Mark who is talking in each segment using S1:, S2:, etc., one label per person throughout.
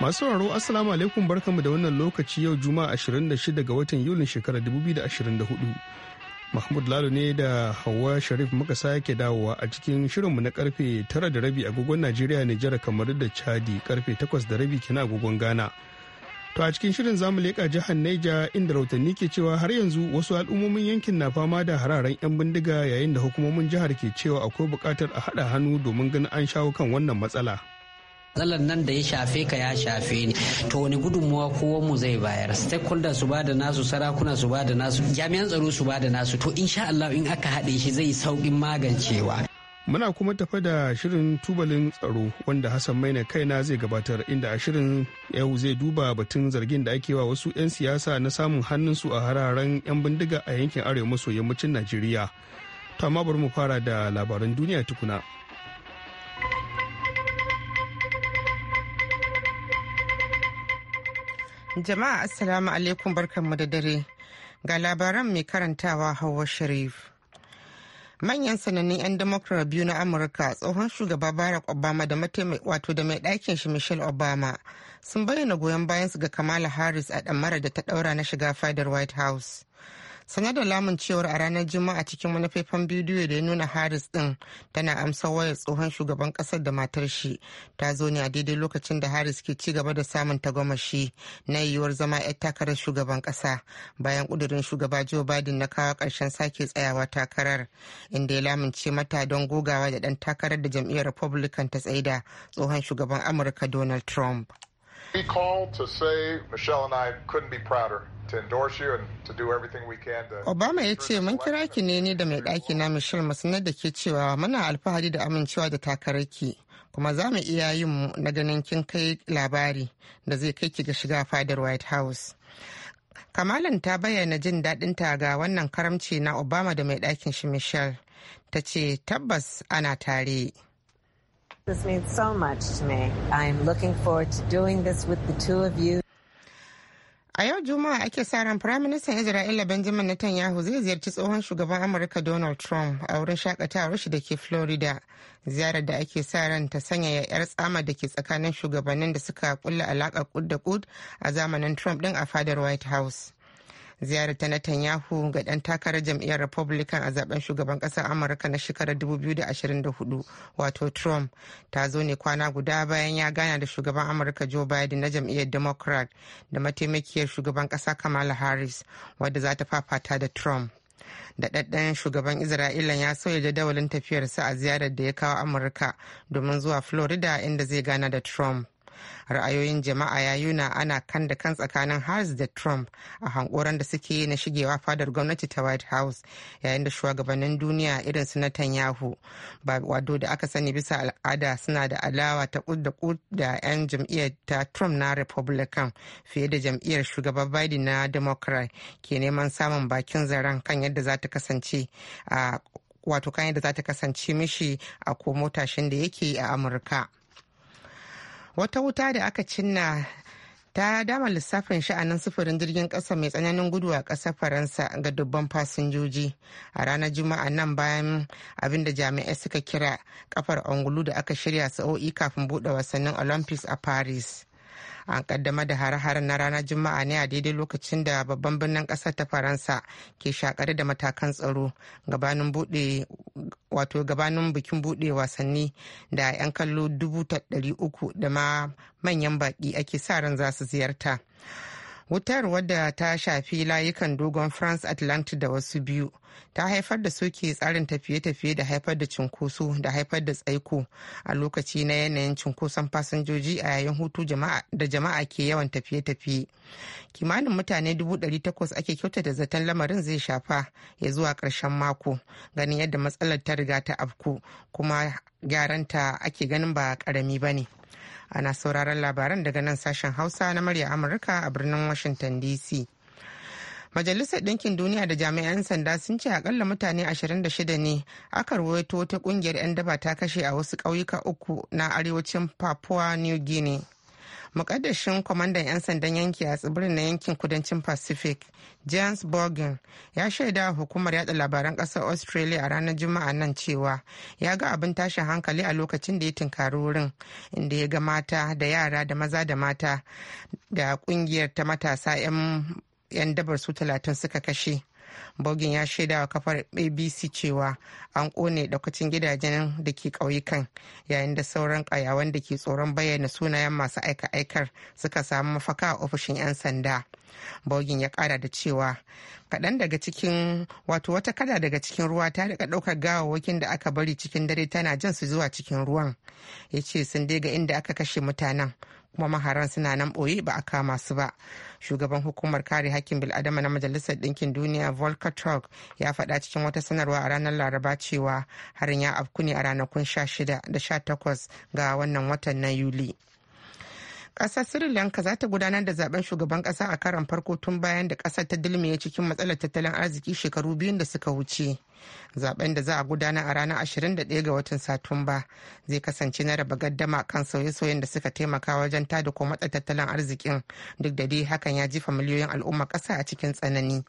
S1: Masu sauraro Assalamu alaikum barkamu da wannan lokaci yau Juma'a 26 ga watan Yulin shekarar 2024. Mahmud Lalo ne da Hauwa Sharif muka sake dawowa a cikin shirinmu na karfe 9 da rabi agogon Najeriya Nijar kamar da Chadi karfe 8 da rabi kina agogon Ghana. To a cikin shirin zamu leka jihar Neja inda rautanni ke cewa har yanzu wasu al'ummomin yankin na fama da hararen 'yan bindiga yayin da hukumomin jihar ke cewa akwai buƙatar a haɗa hannu domin ganin an shawo kan wannan matsala.
S2: matsalar nan da ya shafe ka ya shafe ni to wani gudunmuwa kowa mu zai bayar stakeholder su bada nasu sarakuna su bada nasu jami'an tsaro su bada nasu to insha Allah in aka haɗe shi zai saukin magancewa
S1: muna kuma tafa da shirin tubalin tsaro wanda hassan maina kaina zai gabatar inda a shirin yau zai duba batun zargin da ake wa wasu 'yan siyasa na samun hannunsu a hararen 'yan bindiga a yankin arewa maso yammacin najeriya to amma bari mu fara da labaran duniya tukuna
S3: Jama'a Assalamu alaikum mu da dare. Ga labaran mai karantawa Hauwa Sharif. Manyan sanannun 'yan Democrat biyu na Amurka tsohon shugaba Barack Obama da wato da mai ɗakin shi Michelle Obama sun bayyana goyon bayansu ga Kamala Harris a ɗamara da ta ɗaura na shiga fadar White House. sanar da lamun cewar a ranar juma'a cikin wani faifan bidiyo da ya nuna harris din tana amsa wayar tsohon shugaban kasar da matar shi ta zo ne a daidai lokacin da harris ke ci gaba da samun tagomashi na yiwuwar zama 'yar takarar shugaban kasa bayan kudurin shugaba joe biden na kawo karshen sake tsayawa takarar inda ya lamunce mata don gogawa da dan takarar da jam'iyyar republican ta tsaida tsohon shugaban amurka donald trump
S4: He called to say Michelle and I couldn't be prouder Obama ya ce mun kira
S3: ki ne ni da mai ɗaki na Michelle mu sanar da ke cewa muna alfahari da amincewa da takararki kuma za mu iya yin na ganin kin kai labari da zai kai ki ga shiga fadar White House. Kamalan ta bayyana jin daɗinta ga wannan karamci na Obama da mai ɗakin shi Michelle ta ce tabbas ana tare. This means so much to me. I'm looking forward to doing this with the two of you. A yau Juma'a ake sa ran Firaministan Isra'ila Benjamin Netanyahu zai ziyarci tsohon shugaban Amurka Donald Trump a wurin shakatawar shi da ke Florida. Ziyarar da ake sa ran ta ya 'yar tsama da ke tsakanin shugabannin da suka kulla alaƙa kud da kud a zamanin Trump ɗin a fadar White House. ziyarar ta Netanyahu ga ɗan takarar jam'iyyar Republican a zaben shugaban ƙasar Amurka na shekarar 2024 wato Trump ta zo ne kwana guda bayan ya gana da shugaban Amurka Joe Biden na jam'iyyar Democrat da mataimakiyar shugaban ƙasa Kamala Harris wadda za ta fafata da Trump. da daɗaɗɗen shugaban isra'ila ya sauya jadawalin tafiyarsa a ziyarar da ya kawo amurka domin zuwa florida inda zai gana da trump ra'ayoyin jama'a ya yuna ana kan da kan tsakanin harris da trump a hankoran da suke na shigewa fadar gwamnati ta white house yayin da shugabannin duniya irin su netanyahu ba wado da aka sani bisa al'ada suna da alawa ta da da 'yan jam'iyyar ta trump na republican fiye da jam'iyyar shugaban biden na democrat ke neman samun bakin zaren kan yadda za ta kasance a wato kan yadda za ta kasance mishi a ko tashin da yake a amurka. wata wuta da aka cinna ta dama lissafin sha'anin sufurin jirgin kasa mai tsananin gudu a kasar faransa ga dubban fasinjoji a ranar juma'a nan bayan abin da jami'ai suka kira kafar angulu da aka shirya sa'o'i kafin buɗe wasannin olympics a paris an kaddama da hare-haren na ranar juma'a ne a daidai lokacin da babban birnin kasar ta faransa ke shakare da matakan tsaro gabanin bude wato bikin bude wasanni da 'yan kallo dubu da ma manyan baki ake sa ran za su ziyarta wutar wadda ta shafi layukan dogon france atlantic da wasu biyu ta haifar da soke tsarin tafiye-tafiye da haifar da cunkoso da haifar da tsaiko a lokaci na yanayin cunkoson fasinjoji a yayin hutu da jama'a ke yawan tafiye-tafiye kimanin mutane 800 ake kyautata zaton lamarin zai shafa ya zuwa karshen mako ganin yadda matsalar ta riga ta afku kuma gyaranta ake ganin ba ƙarami ba ne ana sauraron labaran daga nan sashen hausa na murya amurka a birnin washington dc majalisar ɗinkin duniya da jami'an sanda sun ce akalla mutane 26 ne aka ruwaito wata ƙungiyar 'yan daba ta kashe a wasu ƙauyuka uku na arewacin papua new guinea mukaddashin kwamandan 'yan sandan yanki a tsibirin na yankin kudancin pacific james borgen ya shaida hukumar yada labaran kasar australia a ranar juma'a nan cewa ya ga abin tashin hankali a lokacin da ya tunkari wurin inda ya ga mata da yara da maza da mata da kungiyar ta matasa 'yan dabar su talatin suka kashe bogin ya shaida wa kafar abc cewa an kone daukacin gidajen da ke ƙauyukan yayin da sauran ƙayawan da ke tsoron bayyana sunayen masu aika-aikar suka samu mafaka a ofishin 'yan sanda bogin ya kara da cewa kaɗan daga cikin wato wata kada daga cikin ruwa ta daga ɗaukar gawawwakin da aka bari cikin dare tana jan su zuwa cikin ruwan ya ce sun dai ga inda aka kashe mutanen kuma maharan suna nan boye ba a kama su ba shugaban hukumar kare hakkin bil'adama na majalisar ɗinkin duniya volker turk ya faɗa cikin wata sanarwa a ranar laraba cewa harin ya afku ne a ranakun 16 da 18 ga wannan watan na yuli kasar sri lanka za ta gudanar da zaben shugaban ƙasa a karan farko tun bayan da kasar ta dilmiye cikin matsalar tattalin arziki shekaru biyun da suka wuce zaben da za a gudana a ranar 21 ga watan satumba zai kasance na raba gaddama kan sauye-sauyen da suka taimaka wajen tada ko matsa tattalin arzikin duk da dai hakan ya jifa miliyoyin al'umma kasa a cikin tsanani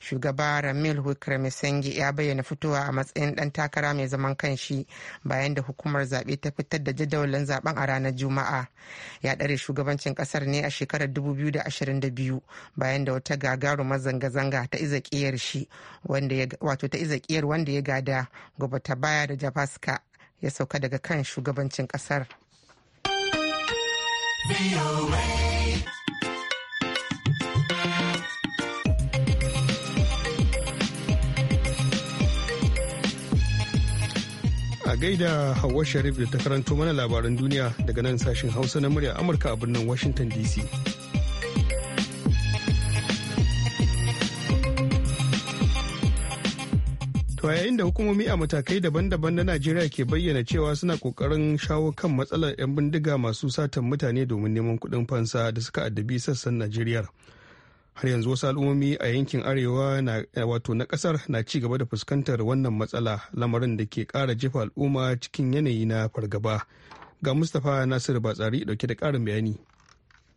S3: shugaba ramil wickremesenge ya bayyana fitowa a matsayin dan takara mai zaman kanshi bayan da hukumar zaɓe ta fitar da jadawalin zaben a ranar juma'a ya ɗare shugabancin ƙasar ne a shekarar 2022 bayan da wata gagarumar zanga-zanga ta iza shi wanda ya wato ta iza jam'iyyar wanda ya gada baya da Jabaska ya sauka daga kan shugabancin kasar.
S1: A gaida Hauwa Sharif da ta karanto mana labaran duniya daga nan sashen Hausa na murya Amurka a birnin Washington DC. To yayin da hukumomi a matakai daban-daban na Najeriya ke bayyana cewa suna kokarin shawo kan matsalar 'yan bindiga masu satan mutane domin neman kuɗin fansa da suka addabi sassan Najeriya. Har yanzu wasu al'ummomi a yankin arewa na wato na ƙasar na ci gaba da fuskantar wannan matsala lamarin da ke ƙara jefa al'umma cikin yanayi na fargaba. Ga Mustapha Nasiru Batsari dauke da ƙarin bayani.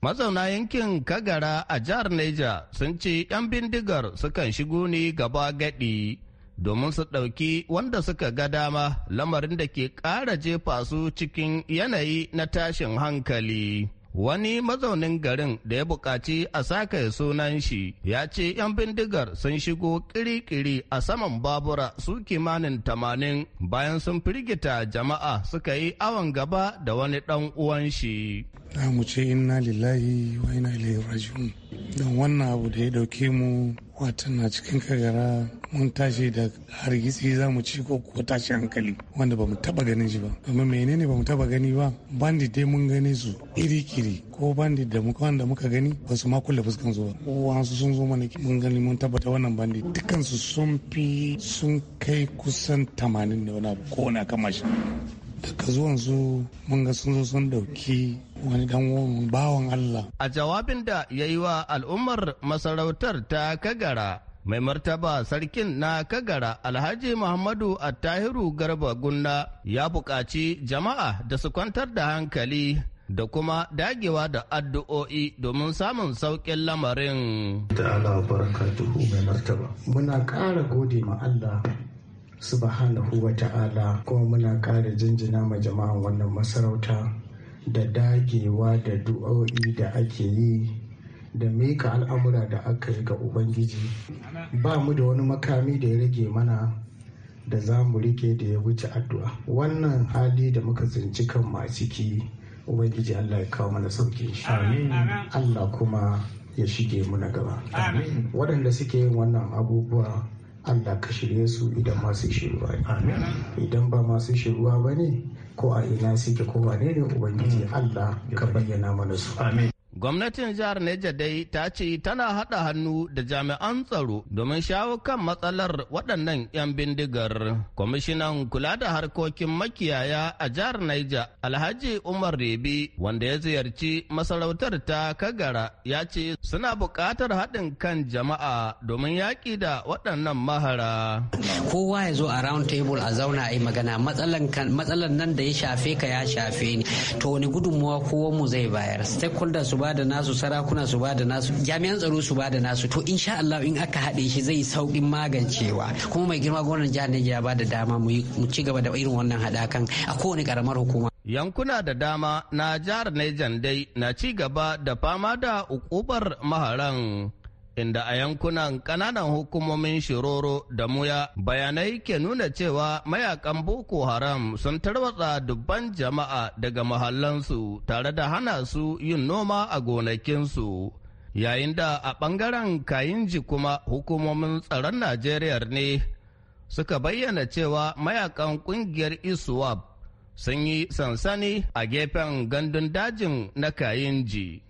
S1: Mazauna yankin Kagara a jihar Niger sun ce
S5: 'yan bindigar sukan shigo ne gaba gaɗi domin su ɗauki wanda suka ga dama lamarin da ke ƙara jefa su cikin yanayi na tashin hankali. Wani mazaunin garin da ya buƙaci a saka sunan shi ya ce 'yan bindigar sun shigo kiri-kiri a saman babura su kimanin tamanin bayan sun firgita jama'a suka yi awon gaba da wani ɗan uwan shi.
S1: mu ce inna lillahi wa ina ilaihi raji'un don wannan abu da ya ɗauke mu watan na cikin kagara mun tashi da hargitsi za mu ci ko ko tashi hankali wanda ba mu taba ganin shi ba domin menene ba mu taba gani ba bandit dai mun gane su iri-iri ko bandit da muka wanda muka gani ba su ma kulle fuskan su ba wasu sun zo mana mun gani mun tabbata wannan bandit dukkan su sun fi sun kai kusan tamanin da wani abu ko wani kama shi
S6: daga zuwan mun ga sun zo dauki wani dan bawan Allah.
S5: A jawabin da ya yi wa al'ummar masarautar ta Kagara mai martaba sarkin na Kagara Alhaji Muhammadu Attahiru Garba Gunna ya buƙaci jama'a da su kwantar da hankali da kuma dagewa da addu'o'i domin samun sauƙin lamarin. Da Allah
S6: barka mai martaba. Muna ƙara gode ma Allah subhanahu wa ta'ala kuma muna ƙara jinjina ma jama'an wannan masarauta da dagewa da du'o'i da ake yi da mika al'amura da aka yi ga ubangiji ba mu da wani makami da ya rage mana da za mu rike da ya wuce addu'a wannan hali da muka tsinci kanmu a ciki ubangiji allah ya kawo mana sauki allah kuma ya shige mu na gaba waɗanda suke yin wannan abubuwa Allah ka shirye su idan masu shirwa ne idan ba masu shiruwa ba ne ko a ina suke ko ba ne ubangiji mm. Allah ka bayyana mana su
S5: Gwamnatin jihar Neja dai ta ce tana haɗa hannu da jami'an tsaro domin shawo kan matsalar waɗannan 'yan bindigar. Kwamishinan kula da harkokin makiyaya a jihar Neja Alhaji Umar Rebi wanda ya ziyarci masarautar ta Kagara ya ce suna buƙatar haɗin kan
S2: jama'a domin yaƙi da waɗannan mahara. Kowa ya zo a round table a zauna a yi magana matsalar nan da ya shafe ka ya shafe ni to wani gudunmuwa mu zai bayar stakeholders su ba ba da nasu sarakuna su ba da nasu jami'an tsaro su ba da nasu to insha Allah in aka haɗe shi zai saukin magancewa kuma mai girma gwamnan jihar Niger ya ba da dama mu ci gaba da irin wannan haɗakan a kowane ƙaramar hukuma. Yankuna da dama na jihar
S5: Niger dai na ci gaba da fama da ukubar maharan inda a yankunan ƙananan hukumomin Shiroro da Muya bayanai ke nuna cewa mayakan Boko Haram sun tarwatsa dubban jama'a daga mahallansu tare da hana su yin noma a gonakinsu. Yayin da a ɓangaren Kayinji kuma hukumomin tsaron Najeriya ne suka bayyana cewa mayakan ƙungiyar ISWAP sun yi sansani a gefen gandun dajin na Kayinji.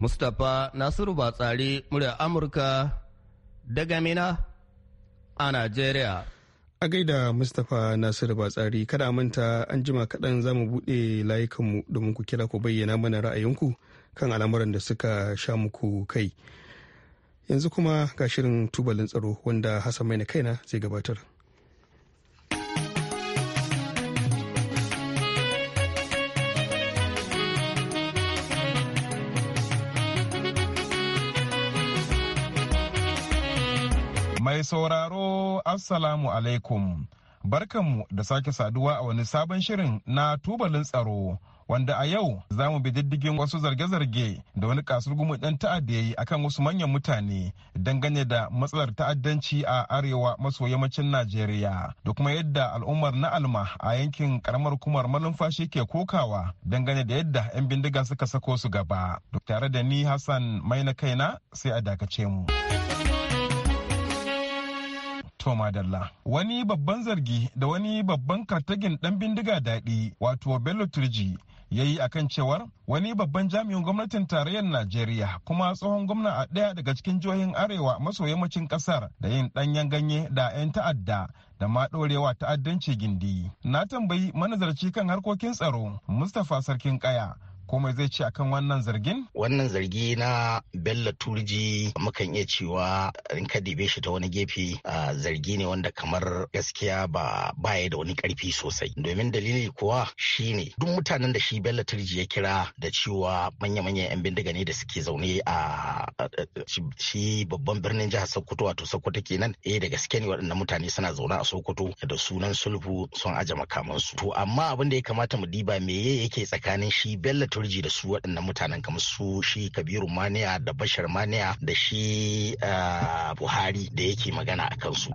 S5: Mustapha Nasiru Batsari murya Amurka daga Mina a Najeriya.
S1: A gaida Mustapha Nasiru Batsari kada manta an jima kaɗan za mu buɗe layukanmu domin ku kira ku bayyana mana ra'ayinku kan al'amuran da suka sha muku kai. Yanzu kuma ga shirin tubalin tsaro wanda Hassan Maina kaina zai gabatar.
S4: Mai sauraro Assalamu alaikum. Barkanmu da sake saduwa a wani sabon shirin na tubalin tsaro. Wanda a yau za mu bi diddigin wasu zarge-zarge da wani kasar ɗan ta'adda ya yi akan wasu manyan mutane dangane da matsalar ta'addanci a arewa maso yammacin Najeriya da kuma yadda al'ummar na alma a yankin karamar kumar malumfashi ke kokawa dangane da yadda 'yan bindiga suka sako su gaba. Tare da ni Hassan mai na kaina sai a dakace mu. Toma Dalla. Wani babban zargi da wani babban kartagin ɗan bindiga daɗi wato Bello Turji ya yi a kan cewar wani babban jami'in gwamnatin tarayyar Najeriya kuma tsohon gwamna a ɗaya daga cikin jihohin arewa maso yammacin ƙasar da yin ɗanyen ganye da 'yan ta'adda da ma ɗorewa ta'addanci gindi. Na tambayi manazarci kan harkokin tsaro Mustapha Sarkin Kaya komai zai ce akan wannan zargin?
S7: Wannan zargi na Bello Turji mukan iya cewa in ka dibe shi ta wani gefe zargi ne wanda kamar gaskiya ba baya da wani karfi sosai. Domin dalili kuwa ne. duk mutanen da shi Bello Turji ya kira da cewa manya manya 'yan bindiga ne da suke zaune a shi babban birnin jihar Sokoto wato Sokoto kenan eh da gaske ne waɗannan mutane suna zaune a Sokoto da sunan sulhu sun aje makamansu. To amma abin da ya kamata mu diba meye yake tsakanin shi Bello turji da su waɗannan mutanen kamar su shi kabiru maniya da bashar maniya da shi buhari da yake magana a kansu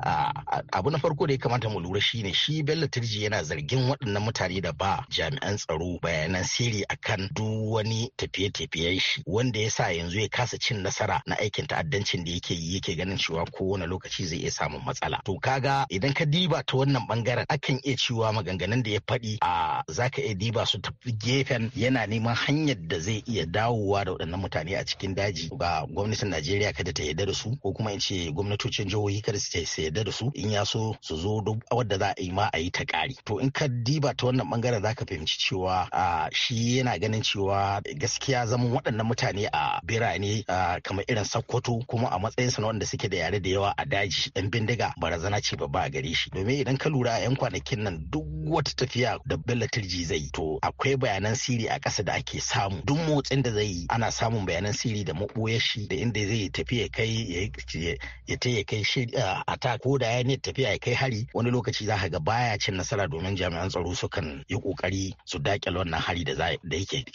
S7: abu na farko da ya kamata mu lura shi ne shi bello turji yana zargin waɗannan mutane da ba jami'an tsaro bayanan sirri akan duk wani tafiye-tafiyen shi wanda ya sa yanzu ya kasa cin nasara na aikin ta'addancin da yake yi yake ganin cewa kowane lokaci zai iya samun matsala to kaga idan ka diba ta wannan bangaren akan iya cewa maganganun da ya faɗi a zaka iya diba su ta gefen yana neman neman hanyar da zai iya dawowa da waɗannan mutane a cikin daji ba gwamnatin Najeriya kada ta yarda da su ko kuma in ce gwamnatocin jihohi kada su yarda da su in ya so su zo duk wadda za a yi ma a yi ta ƙari. To in ka diba ta wannan za ka fahimci cewa shi yana ganin cewa gaskiya zaman waɗannan mutane a birane kamar irin Sokoto kuma a matsayinsa na wanda suke da yare da yawa a daji ɗan bindiga barazana ce babba a gare shi. Domin idan ka lura a 'yan kwanakin nan duk wata tafiya da Bellatirji zai to akwai bayanan siri a ƙasa da ake samu duk motsin da zai yi ana samun bayanan sirri da maboya shi da inda zai tafi ya kai ya ta ya kai uh, a ta ko da ya ne tafiya ya kai hari wani lokaci za ka ga baya cin nasara domin jami'an tsaro sukan yi kokari su dakile wannan hari da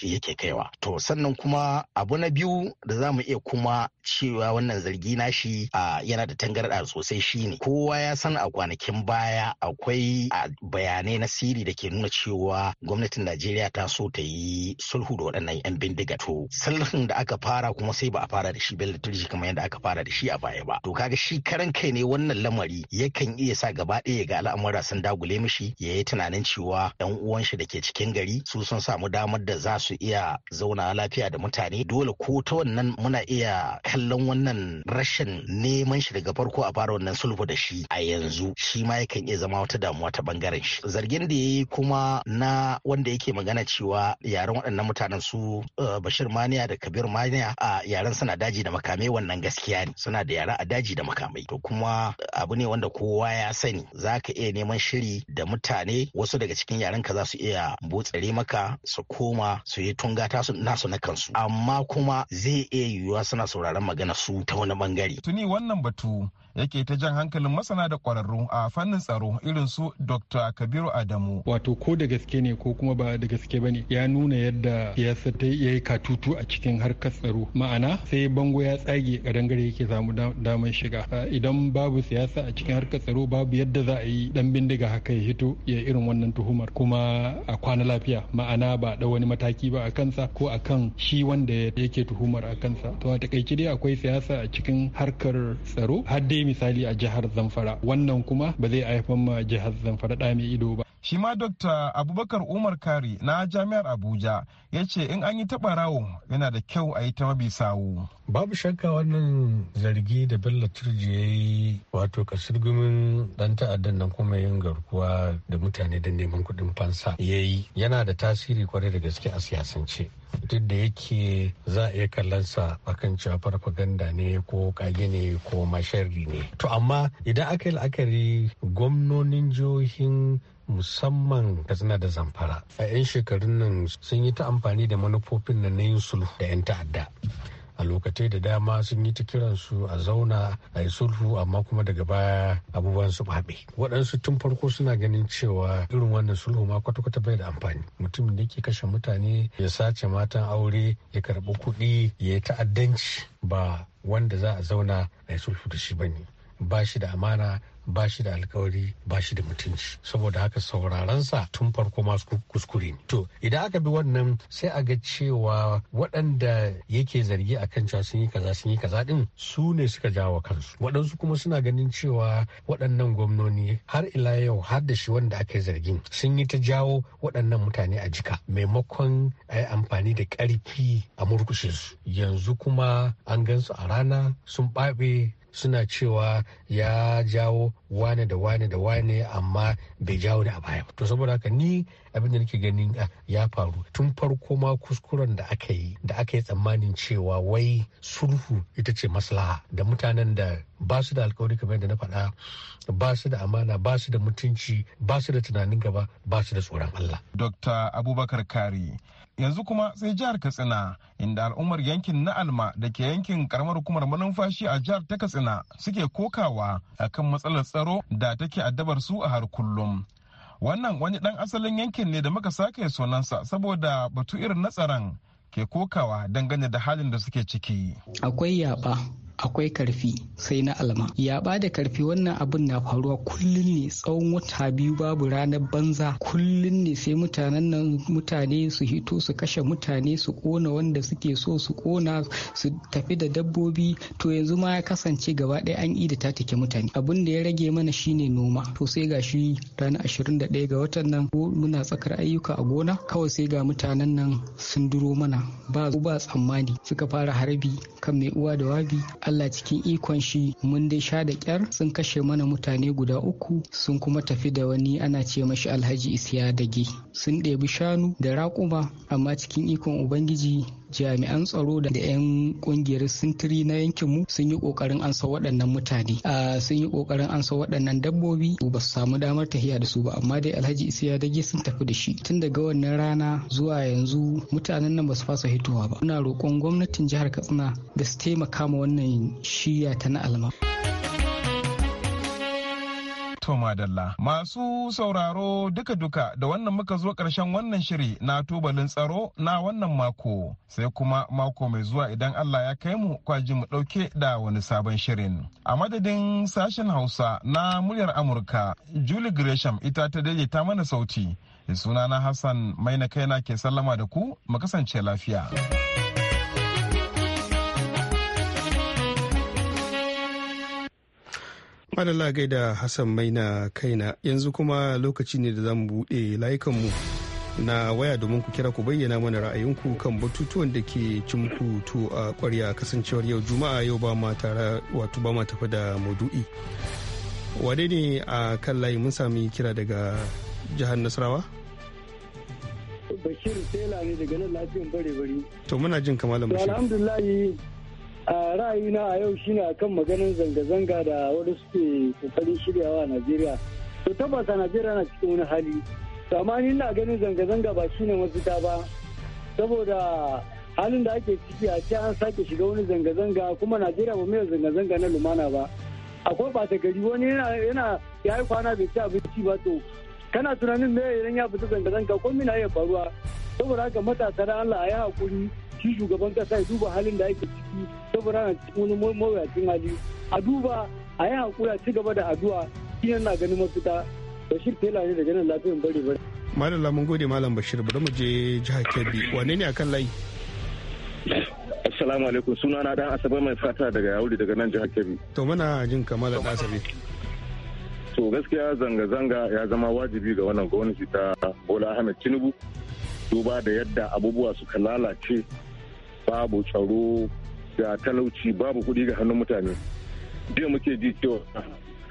S7: yake kaiwa to sannan kuma abu na biyu da za mu iya kuma cewa wannan zargi na nashi yana da tangarɗa sosai shi ne. kowa ya san a kwanakin baya akwai bayanai na sirri da ke nuna cewa gwamnatin Najeriya ta so ta yi sulhu da waɗannan 'yan bindiga to sulhun da aka fara kuma sai ba a fara da shi da turji kamar yadda aka fara da shi a baya ba to kaga shi karan kai ne wannan lamari yakan iya sa gaba ɗaya ga al'amura sun dagule mishi ya yi tunanin cewa 'yan uwan shi da ke cikin gari su sun samu damar da za su iya zauna lafiya da mutane dole ko ta wannan muna iya kallon wannan rashin neman shi daga farko a fara wannan sulhu da shi a yanzu shi ma yakan iya zama wata damuwa ta bangaren shi zargin da ya yi kuma na wanda yake magana cewa yaren waɗannan mutanen su eh, Bashir Maniya da Kabir Maniya a yaren suna daji da makamai wannan gaskiya ne suna da yara a daji da makamai to kuma eh, abu ne wanda kowa ya sani za ka iya neman shiri da mutane wasu daga cikin yaren ka za su iya botsare maka su koma su yi tunga tasu nasu na kansu amma kuma zai iya yiwuwa suna sauraron magana su ta wani bangare. Tuni
S4: wannan batu yake ta jan hankalin masana da kwararru a fannin tsaro irin su dr kabiru adamu wato ko da gaske ne ko kuma ba da gaske ba ne ya nuna yadda siyasa ta yi katutu a cikin harkar tsaro ma'ana sai bango ya tsage kadangare yake samu damar shiga idan babu siyasa a cikin harkar tsaro babu yadda za a yi dan bindiga haka ya hito ya irin wannan tuhumar kuma a kwana lafiya ma'ana ba da wani mataki ba a kansa ko a kan shi wanda yake tuhumar a kansa to a takaice dai akwai siyasa a cikin harkar tsaro har dai misali a jihar zamfara wannan kuma ba zai haifar ma jihar zamfara ɗa mai ido ba shi ma dr abubakar umar kari na jami'ar abuja ya ce in an yi taɓa rawo yana da kyau a yi ta mabi sawu babu shakka wannan zargi da bello
S6: turji ya yi wato kasirgumin dan ta'addan nan kuma yin garkuwa da mutane da neman kuɗin fansa ya yi yana da tasiri kwarai da gaske a siyasance duk da yake za a iya kallonsa kan cewa farfaganda ne ko kage ne ko masharri ne to amma idan aka yi la'akari gwamnonin jihohin musamman katsina da zamfara a 'yan shekarun nan sun yi ta amfani da manufofin na yin sulhu da 'yan ta'adda a lokacin da dama sun yi ta kiransu a zauna a yi sulhu amma kuma daga baya abubuwan su babe waɗansu tun farko suna ganin cewa irin wannan sulhu ma kwata-kwata bai da amfani mutum da ke kashe mutane ya sace matan aure ya karɓi kuɗi ya yi ta'addanci ba wanda za a zauna a yi sulhu da shi ba ne ba shi da amana ba shi da alkawari ba shi da mutunci saboda haka saurarensa tun farko masu kuskure ne to idan aka bi wannan sai a ga cewa waɗanda yake zargi a kan cewa sun yi kaza sun yi kaza din su ne suka jawo kansu waɗansu kuma suna ganin cewa waɗannan gwamnoni har ila yau har da shi wanda aka yi zargin sun yi ta jawo waɗannan mutane a jika maimakon a yi amfani da ƙarfi a murkushe su yanzu kuma an gansu a rana sun ɓaɓe suna cewa ya jawo wane da wane da wane amma bai jawo da a baya to saboda haka ni abin da nake ganin ah, ya faru tun farko ma kuskuren da aka yi da aka yi tsammanin cewa wai sulhu ita ce maslaha da mutanen da ba su da alkawari kamar da na faɗa ba su da amana ba su da mutunci ba su da tunanin gaba ba su da tsoron Allah.
S4: Dr. Abubakar Kari yanzu kuma sai jihar katsina inda al'ummar yankin na alma da ke yankin karamar hukumar manumfashi a jihar ta katsina suke kokawa akan matsalar tsaro da take addabar su a har kullum wannan wani dan asalin yankin ne da muka sake sunansa saboda batu irin na tsaron ke kokawa dangane da halin da suke ciki
S2: akwai yaba akwai karfi
S4: sai na alma
S2: yaɓa da karfi wannan abin na faruwa kullum ne tsawon wata biyu babu ranar banza kullum ne sai mutanen nan mutane su hito su kashe mutane su kona wanda suke so su kona su tafi da dabbobi to yanzu ma ya kasance gaba ɗaya an ida ta take mutane abin da ya rage mana shine noma to sai ga shi da 21 ga watan nan ko muna tsakar ayyuka a gona kawai sai ga mutanen nan sun duro mana ba ba tsammani suka fara harbi kan mai uwa da wabi Allah cikin ikon shi mun dai sha da kyar sun kashe mana mutane guda uku sun kuma tafi da wani ana ce mashi Alhaji Isiya Dage. Sun ɗebi shanu da raƙuma amma cikin ikon Ubangiji jami'an tsaro da 'yan ƙungiyar sintiri na yankin mu sun yi kokarin ansa waɗannan mutane sun yi kokarin ansa waɗannan dabbobi ba su samu damar tahiya da su ba amma dai alhaji isiya dage sun tafi da shi tun daga wannan rana zuwa yanzu mutanen nan ba su fasa hitowa ba muna roƙon gwamnatin jihar katsina da su taimaka ma wannan wannan shiya ta na alma.
S4: Masu sauraro duka-duka da wannan muka zo karshen wannan shiri na tubalin tsaro na wannan mako sai kuma mako mai zuwa idan Allah ya kai mu kwaji mu dauke da wani sabon shirin. A madadin sashen Hausa na muryar Amurka, Julie Gresham ita ta daidaita mana sauti. Sunana Hassan mai na kaina ke sallama da ku, mu kasance lafiya.
S1: Madalla gaida Hassan Maina kaina yanzu kuma lokaci ne da zamu buɗe layukanmu na waya domin ku kira ku bayyana mana ra'ayinku kan batutuwan da ke cin muku to a kwarya kasancewar yau juma'a yau ba ma tara wato ba ma tafi da maudu'i. Wade ne a kan layi mun sami kira daga jihar Nasarawa?
S8: Bashir Tela ne daga nan lafiyan bare-bare.
S1: To muna jin kamalan Bashir. Alhamdulillah
S8: a na a yau shine akan maganin zanga-zanga da wani suke kokarin shiryawa a najeriya to tabbas a najeriya na cikin wani hali to amma ni na ganin zanga-zanga ba shine mafita ba saboda halin da ake ciki a ce an sake shiga wani zanga-zanga kuma najeriya ba mai zanga-zanga na lumana ba akwai ɓata gari wani yana ya yi kwana bai ci abinci ba to kana tunanin me idan ya fita zanga-zanga ko mina iya faruwa saboda haka matasa da allah a yi hakuri shi shugaban kasa ya duba halin da ake ciki saboda ana cikin wani mawuyacin hali a duba a yi hakuri ci gaba da addu'a shi na ganin mafita bashir ta ne daga nan lafiyan bare bare
S1: malam lamun gode malam bashir bari mu je jihar kebbi wane ne akan layi
S8: assalamu alaikum suna na dan asabe mai fata daga yauri daga nan jihar kebbi to
S1: muna jin kamar da asabe
S8: to gaskiya zanga-zanga ya zama wajibi ga wannan gwamnati ta bola ahmed tinubu duba da yadda abubuwa suka lalace babu tsaro ga talauci babu kuɗi ga hannun mutane jiya muke ji cewa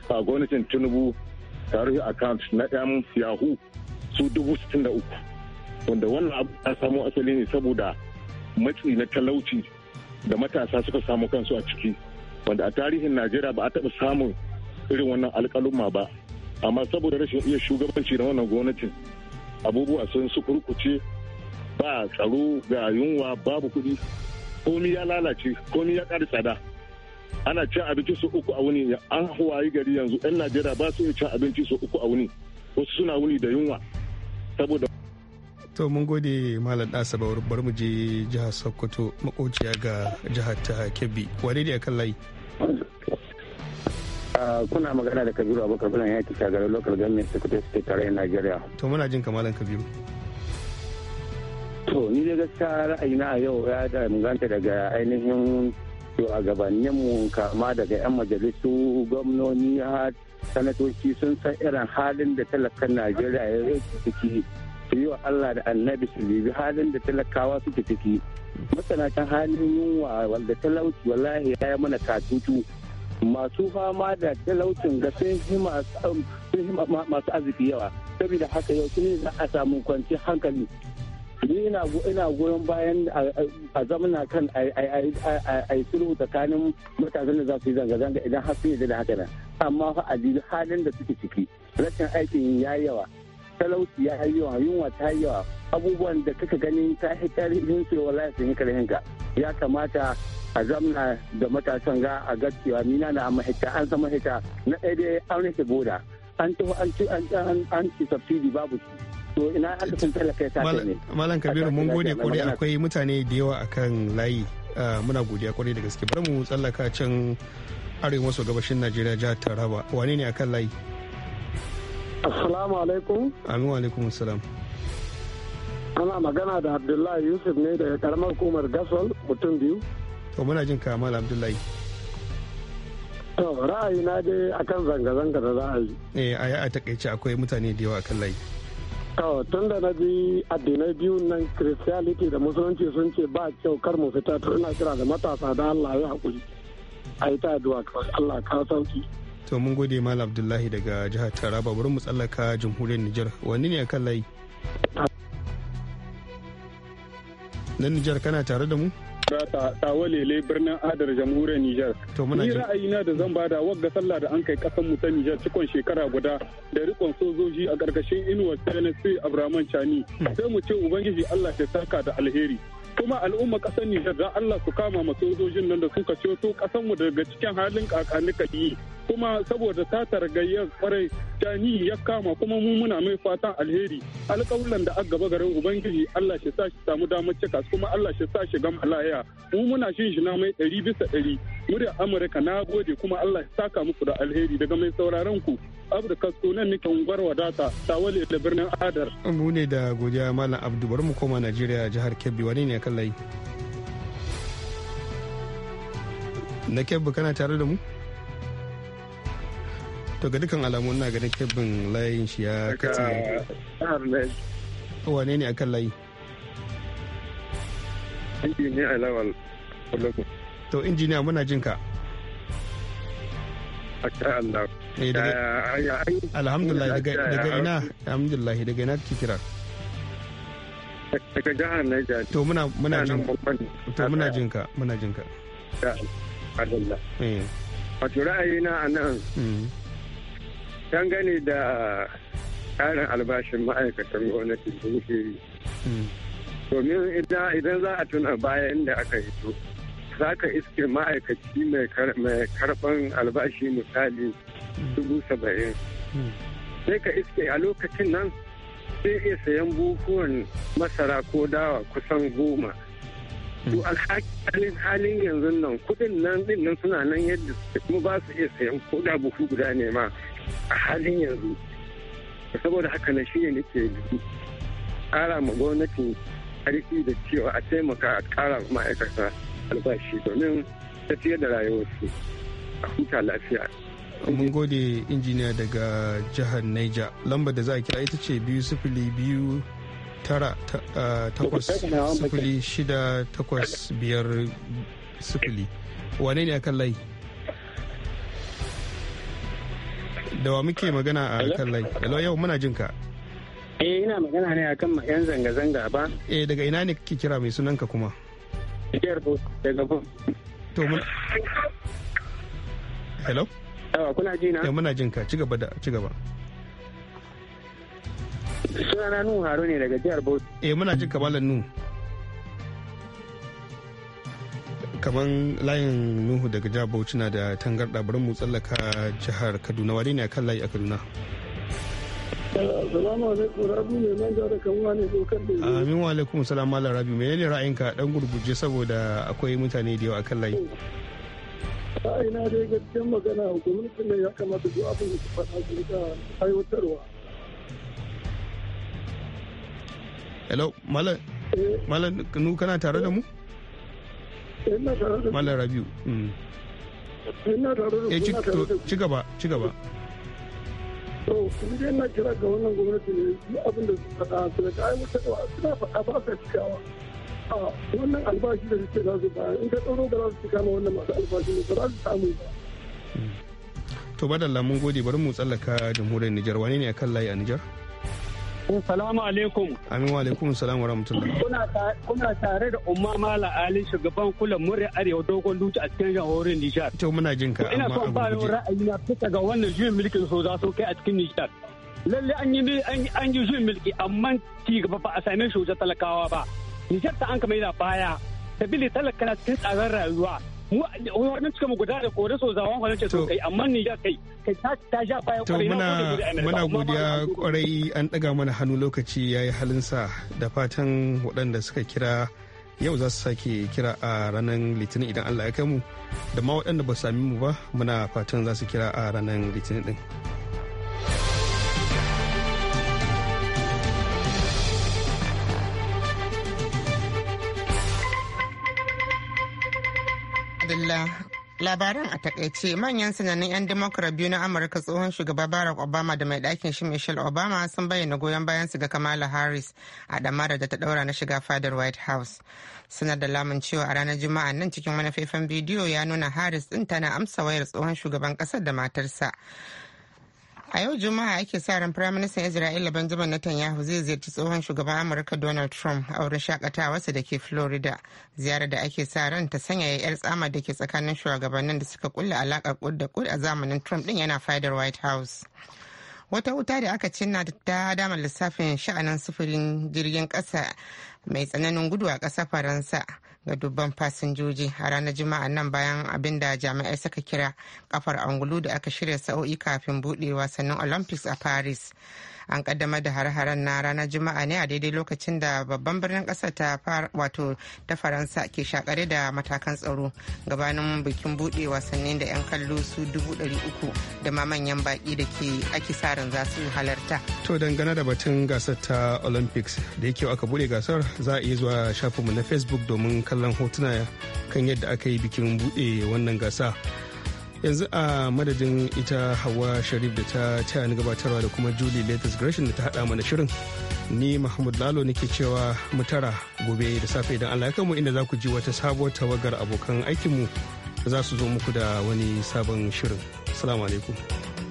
S8: a gwamnatin tinubu tarihi account na yan yahoo su dubu sittin da uku wanda wannan abu ya samu asali ne saboda matsi na talauci da matasa suka samu kansu a ciki wanda a tarihin najeriya ba a taɓa samun irin wannan alƙaluma ba amma saboda rashin iya shugabanci na wannan gwamnatin abubuwa sun su kurkuce ba tsaro ga yunwa babu kuɗi komi ya lalace komi ya ƙara tsada ana cin abinci su uku a wuni an hawaye gari yanzu 'yan najeriya ba su iya cin abinci su uku a wuni wasu suna wuni da yunwa saboda
S1: to mun gode malam ɗasa bawar bar mu je jihar sokoto makociya ga jihar ta kebbi wane da akan layi
S8: Ah, kuna magana da kabiru abokan bulan ya shagarar garin local government secretary state tarayyar nigeria
S1: to muna jin kamalan kabiru
S8: to ni da gaskiya ra'ayina a yau ya danganta daga ainihin a gabanin mu kama daga 'yan majalisu gwamnoni har sanatoci sun san irin halin da talakan najeriya ya ciki su yi wa allah da annabi su bibi halin da talakawa suke ciki can halin yunwa wanda talauci wallahi ya yi mana katutu masu fama da talaucin ga sun um, masu arziki yawa saboda haka yau sun za a samu kwanci hankali ni ina goyon bayan a zamana kan a yi sulhu tsakanin matasan da za su yi zanga-zanga idan har sun yi da haka nan amma fa a halin da suke ciki rashin aikin ya yawa talauci ya yi yawa yunwa ta yi yawa abubuwan da kaka ganin ta yi tarihin su wallahi sun yi karhinka ya kamata a zamna da matasan ga a gaskiya mina na mahita an sama hita na ɗaya dai an rike boda an tafi an ci an ci subsidy babu to ina an tafi talaka ya sa ne
S1: malam kabiru mun gode kore akwai mutane da yawa akan layi ah, muna godiya kwarai da gaske bari mu tsallaka can arewa maso gabashin najeriya jihar taraba wane ne akan layi
S8: assalamu alaikum
S1: alaikum alaikum assalam
S8: ana magana da abdullahi yusuf ne daga karamar hukumar gasol mutum biyu
S1: to muna jin ka malam abdullahi
S8: to ra'ayi na dai akan zanga-zanga da ra'ayi.
S1: a yi eh, a a takaice akwai mutane da yawa akan layi
S8: to tun da na bi addinai biyu nan christianity da musulunci sun ce ba kyau kar mu fita to ina kira da matasa da Allah ya hakuri a yi ta addu'a kawai Allah ka sauki
S1: to mun gode malam abdullahi daga jihar taraba burin mu tsallaka jamhuriyar nijar wani ne akan layi nan ah. nijar kana tare da mu
S4: ta Tawalele birnin Adar jamhuriyar Nijar. Ni ra'ayina da zan bada wagga sallah da an kai kasan mu ta Nijar cikon shekara guda da rikon sojoji a ƙarƙashin inuwar Tennessee Abraman Chani. Hmm. Sai mu ce Ubangiji Allah ya saka da alheri. kuma al'umma kasar Nijar da Allah su kama ma sojojin nan da suka ceto kasanmu daga cikin halin kakanika yi kuma saboda tatar gayyar kwarai jani ya kama kuma mu muna mai fatan alheri alƙawlan da aka gaba garin ubangiji Allah shi sa shi samu damar cika kuma Allah shi sa shi gama laya mu muna shin shi na mai ɗari bisa ɗari muryar Amurka na gode kuma Allah shi saka muku da alheri daga mai sauraron ku Abdu Kasko nan nake ungwar wadata tawale da birnin Adar
S1: mu ne da godiya Malam Abdu mu koma Najeriya jihar Kebbi wani ne kan layi na kebbi kana tare da mu to ga dukkan alamu na ganin kebbin layin shi ya katse wane ne akan layi
S8: injiniya alawal
S1: to injiniya muna jin ka eh, alhamdulillah daga ina alhamdulillah daga ina kike kira
S8: daga jihar Niger
S1: to muna muna jin to muna jin ka muna jin ka eh.
S8: wato ra'ayina a nan hmm. dangane da tsarin albashin ma'aikatan gwamnati da hmm. domin idan za a tuna bayan da aka hito za ka iske ma'aikaci mai karban albashi misali hmm. dubu saba'in sai ka iske a lokacin nan sai iya sayan bukuwan masara ko dawa kusan goma to alhakin halin yanzu nan kudin nan din suna nan yadda kuma ba su iya sayan ko da buhu guda ne ma a halin yanzu saboda haka na shi ne ke kara ma gwamnati karfi da cewa a taimaka a kara ma'aikata albashi domin tafiyar da rayuwarsu a huta lafiya
S1: mun gode injiniya daga jihar Niger lambar da za a kira ita ce biyu sifili biyu tara takwas sifili shida takwas biyar sifili wane ne akan lai da wa muke magana a kan lai hello yau muna jin ka
S8: eh ina magana ne akan yan zanga-zanga ba
S1: eh daga ina ne kake kira mai sunan ka kuma daga to mun hello Yawa kuna ji na? Ya muna jin ka ci gaba da ci gaba. Sunana Nuhu Haro ne daga jihar Bauchi. Eh muna jin ka Malam Nuhu. Kaman layin Nuhu daga jihar Bauchi na da tangarɗa bari mu tsallaka jihar Kaduna wani ne a kan layi a Kaduna?
S8: Salamu alaikum Rabi ne nan da kamuwa ne dokar da yi. Amin
S1: wa alaikum salam Malam Rabi mai menene ra'ayinka dan gurguje saboda akwai mutane da yawa a kan layi.
S8: a ina dai gaskiyar magana Gwamnati ne ya kamata duk abin da su faɗa su rika aiwatarwa
S1: hello malam eh. malam nu kana tare da mu
S8: eh, ina tare da mu? malam
S1: rabiu mm.
S8: eh, ina tare da mu? tare da
S1: ci gaba ci gaba
S8: to kuma dai na kira ga wannan gwamnati ne abin da su faɗa su rika aiwatarwa suna faɗa ba sa cikawa a wannan albashi da suke za su ba in ka tsaro ba za su wannan masu albashi ne ba su samu
S1: to badalla mun gode bari mu tsallaka jamhuriyar Nijar wane ne akan layi a Nijar? Salamu alaikum. Amin wa alaikum salam wa rahmatullah.
S8: Kuna tare da Umma Mala Ali shugaban kula murya Arewa dogon dutse a cikin jamhuriyar Nijar. To muna jin ka amma abu Ina son ra'ayi na fita ga wannan juyin mulkin soja sun kai a cikin Nijar. Lalle an yi juyin mulki amma ci gaba ba a same shi talakawa ba. nijar ta an kama yana baya sabili talaka na cikin tsadar rayuwa mu wannan cika mu guda da kore so zawon kwanan ce kai amma ni ya kai kai ta ta baya kwarai muna godiya kwarai
S1: an daga mana hannu lokaci yayi halinsa da fatan waɗanda suka kira yau za su sake kira a ranar litinin idan Allah ya kai mu da ma waɗanda ba sami mu ba muna fatan za su kira a ranar litinin din.
S3: madalla labaran a takaice manyan sanannun 'yan demokura biyu na amurka tsohon shugaba barack obama da mai ɗakin shi michelle obama sun bayyana goyon bayan su ga kamala harris a damarar da ta ɗaura na shiga fadar white house sanar da lamun cewa a ranar juma'a nan cikin wani faifan bidiyo ya nuna harris ɗin tana amsa wayar tsohon shugaban ƙasar da matarsa A yau Juma'a ake sa ran Firaministan Isra'ila Benjamin Netanyahu zai ziyarci tsohon shugaban Amurka Donald Trump a wurin shakatawarsa da ke Florida. Ziyarar da ake sa ran ta sanyaya 'yar tsama da ke tsakanin shugabannin da suka kulle alakar kud da kud a zamanin Trump din yana fadar White House. Wata wuta da aka cinna ta dama lissafin sha'anin sufurin jirgin kasa mai tsananin gudu a ƙasa Faransa. ga dubban fasinjoji a ranar juma'a nan bayan abin da jami'ai suka kira kafar angulu da aka shirya sa'o'i kafin buɗe wasannin olympics a paris an kaddamar da har-haren na ranar juma'a ne a daidai lokacin da babban birnin kasar ta wato ta faransa ke shakare da matakan tsaro gabanin bikin bude wasannin da 'yan kallo su dubu dari uku da ma manyan baƙi da ke ake sa ran za su halarta
S1: to dangane da batun gasar ta olympics da yake aka bude gasar za a iya zuwa shafinmu na facebook domin kallon hotuna kan yadda aka yi bikin bude wannan gasa yanzu a madadin ita hawa sharif da ta taya ni gabatarwa da kuma julie latest gresham da ta hada mana shirin ni mahmud lalo nake cewa mu tara gobe da safe idan allah ya kanmu inda za ku ji wata sabuwar tawagar abokan aikinmu za su zo muku da wani sabon shirin salamu alaikum